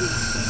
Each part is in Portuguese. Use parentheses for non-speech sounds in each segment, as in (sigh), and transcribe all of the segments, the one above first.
Jesus. (laughs)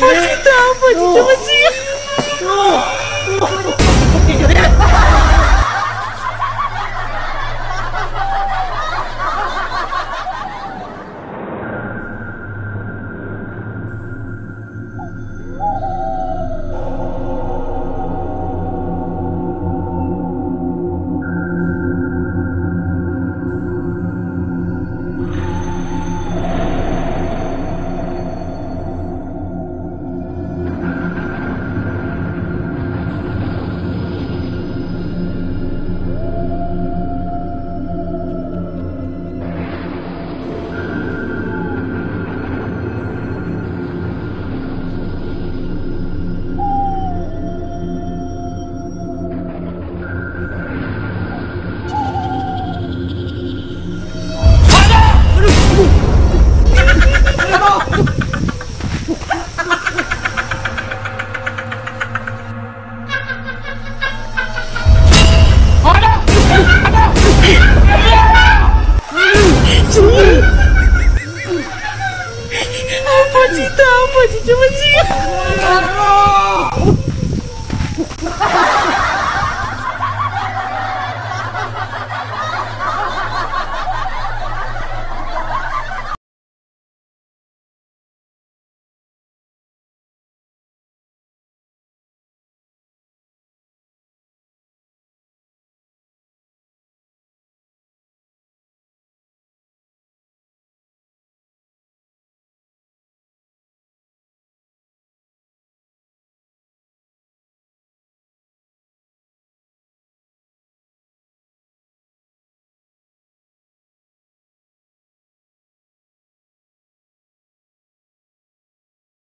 Pode entrar, pode entrar, mas... 你打我，你这么厉害。